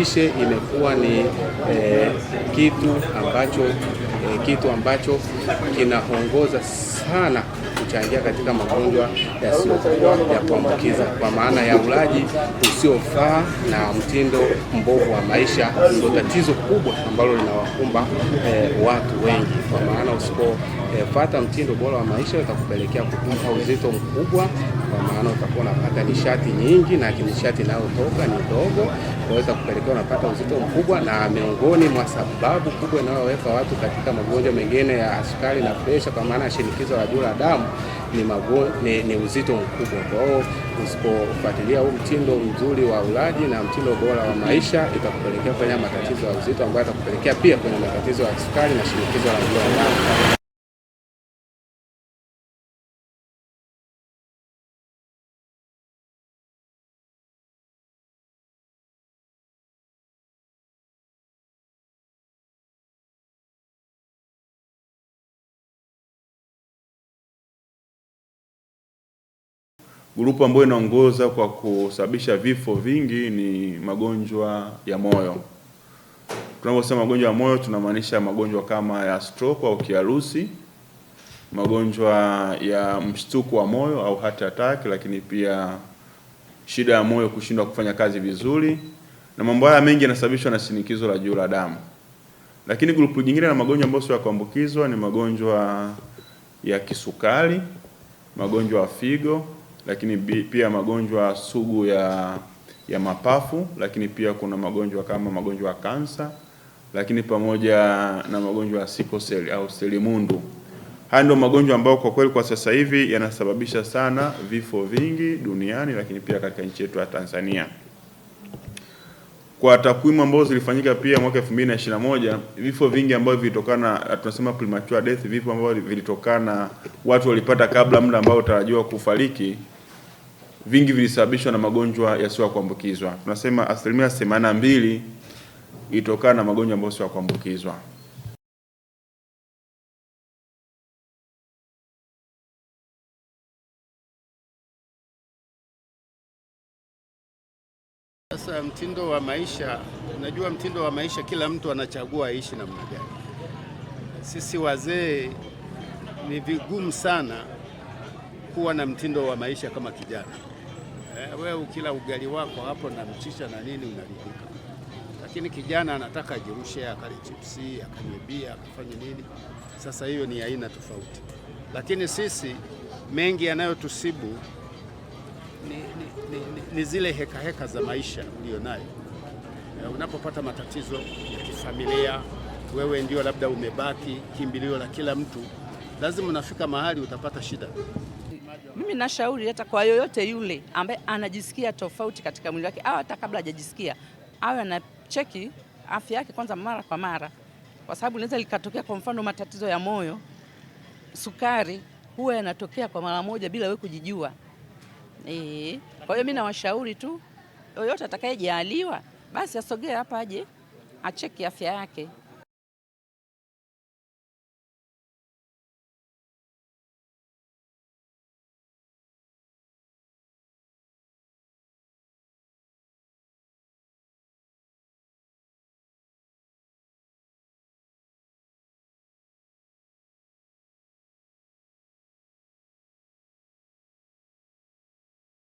lishe imekuwa ni eh, kitu ambacho eh, kitu ambacho kinaongoza sana kuchangia katika magonjwa yasiyokuwa ya kuambukiza kwa maana ya ulaji usiofaa na mtindo mbovu wa maisha ndio tatizo kubwa ambalo linawakumba eh, watu wengi, kwa maana usipofuata eh, mtindo bora wa maisha utakupelekea kupunguza uzito mkubwa kwa maana utakuwa unapata nishati nyingi na nishati inayotoka ni ndogo, kuweza kupelekea unapata uzito mkubwa. Na miongoni mwa sababu kubwa inayoweka watu katika magonjwa mengine ya sukari na presha, kwa maana ya shinikizo la juu la damu ni, ni, ni uzito mkubwa. Kwa hiyo usipofuatilia huu mtindo mzuri wa ulaji na mtindo bora wa maisha, itakupelekea kwenye matatizo ya uzito ambayo itakupelekea pia kwenye matatizo ya sukari na shinikizo la juu la damu. Grupu ambayo inaongoza kwa kusababisha vifo vingi ni magonjwa ya moyo. Tunaposema magonjwa ya moyo tunamaanisha magonjwa kama ya stroke au kiharusi, magonjwa ya mshtuko wa moyo au heart attack, lakini pia shida ya moyo kushindwa kufanya kazi vizuri, na mambo haya mengi yanasababishwa na shinikizo la juu la damu. Lakini grupu nyingine la magonjwa ambayo sio ya kuambukizwa ni magonjwa ya kisukari, magonjwa ya figo lakini pia magonjwa sugu ya ya mapafu, lakini pia kuna magonjwa kama magonjwa ya kansa, lakini pamoja na magonjwa ya sikoseli au selimundu. Haya ndio magonjwa ambayo kwa kweli kwa sasa hivi yanasababisha sana vifo vingi duniani, lakini pia katika nchi yetu ya Tanzania. Kwa takwimu ambazo zilifanyika pia mwaka moja vifo vingi ambavyo vilitokana, tunasema premature death, vifo ambavyo vilitokana watu walipata kabla muda ambao utarajiwa kufariki, vingi vilisababishwa na magonjwa yasiyo kuambukizwa. Tunasema asilimia 82 ilitokana na magonjwa ambayo sio kuambukizwa. Sasa mtindo wa maisha, najua mtindo wa maisha kila mtu anachagua aishi namna gani. Sisi wazee ni vigumu sana kuwa na mtindo wa maisha kama kijana. wewe eh, ukila ugali wako hapo na mchicha na nini unaridhika, lakini kijana anataka ajirushe, akale chipsi, akanywe bia, akafanye nini. Sasa hiyo ni aina tofauti, lakini sisi mengi yanayotusibu ni, ni, ni zile hekaheka heka za maisha nayo eh, Unapopata matatizo ya kifamilia, wewe ndio labda umebaki kimbilio la kila mtu, lazima unafika mahali utapata shida. Mimi nashauri hata kwa yoyote yule ambaye anajisikia tofauti katika mwili wake au hata kabla hajajisikia, awe anacheki afya yake kwanza mara kwa mara, kwa sababu inaweza likatokea, kwa mfano matatizo ya moyo, sukari, huwa yanatokea kwa mara moja bila wewe kujijua. Eh, kwa hiyo mimi nawashauri tu yoyote atakayejaaliwa basi asogee hapa aje acheki afya yake.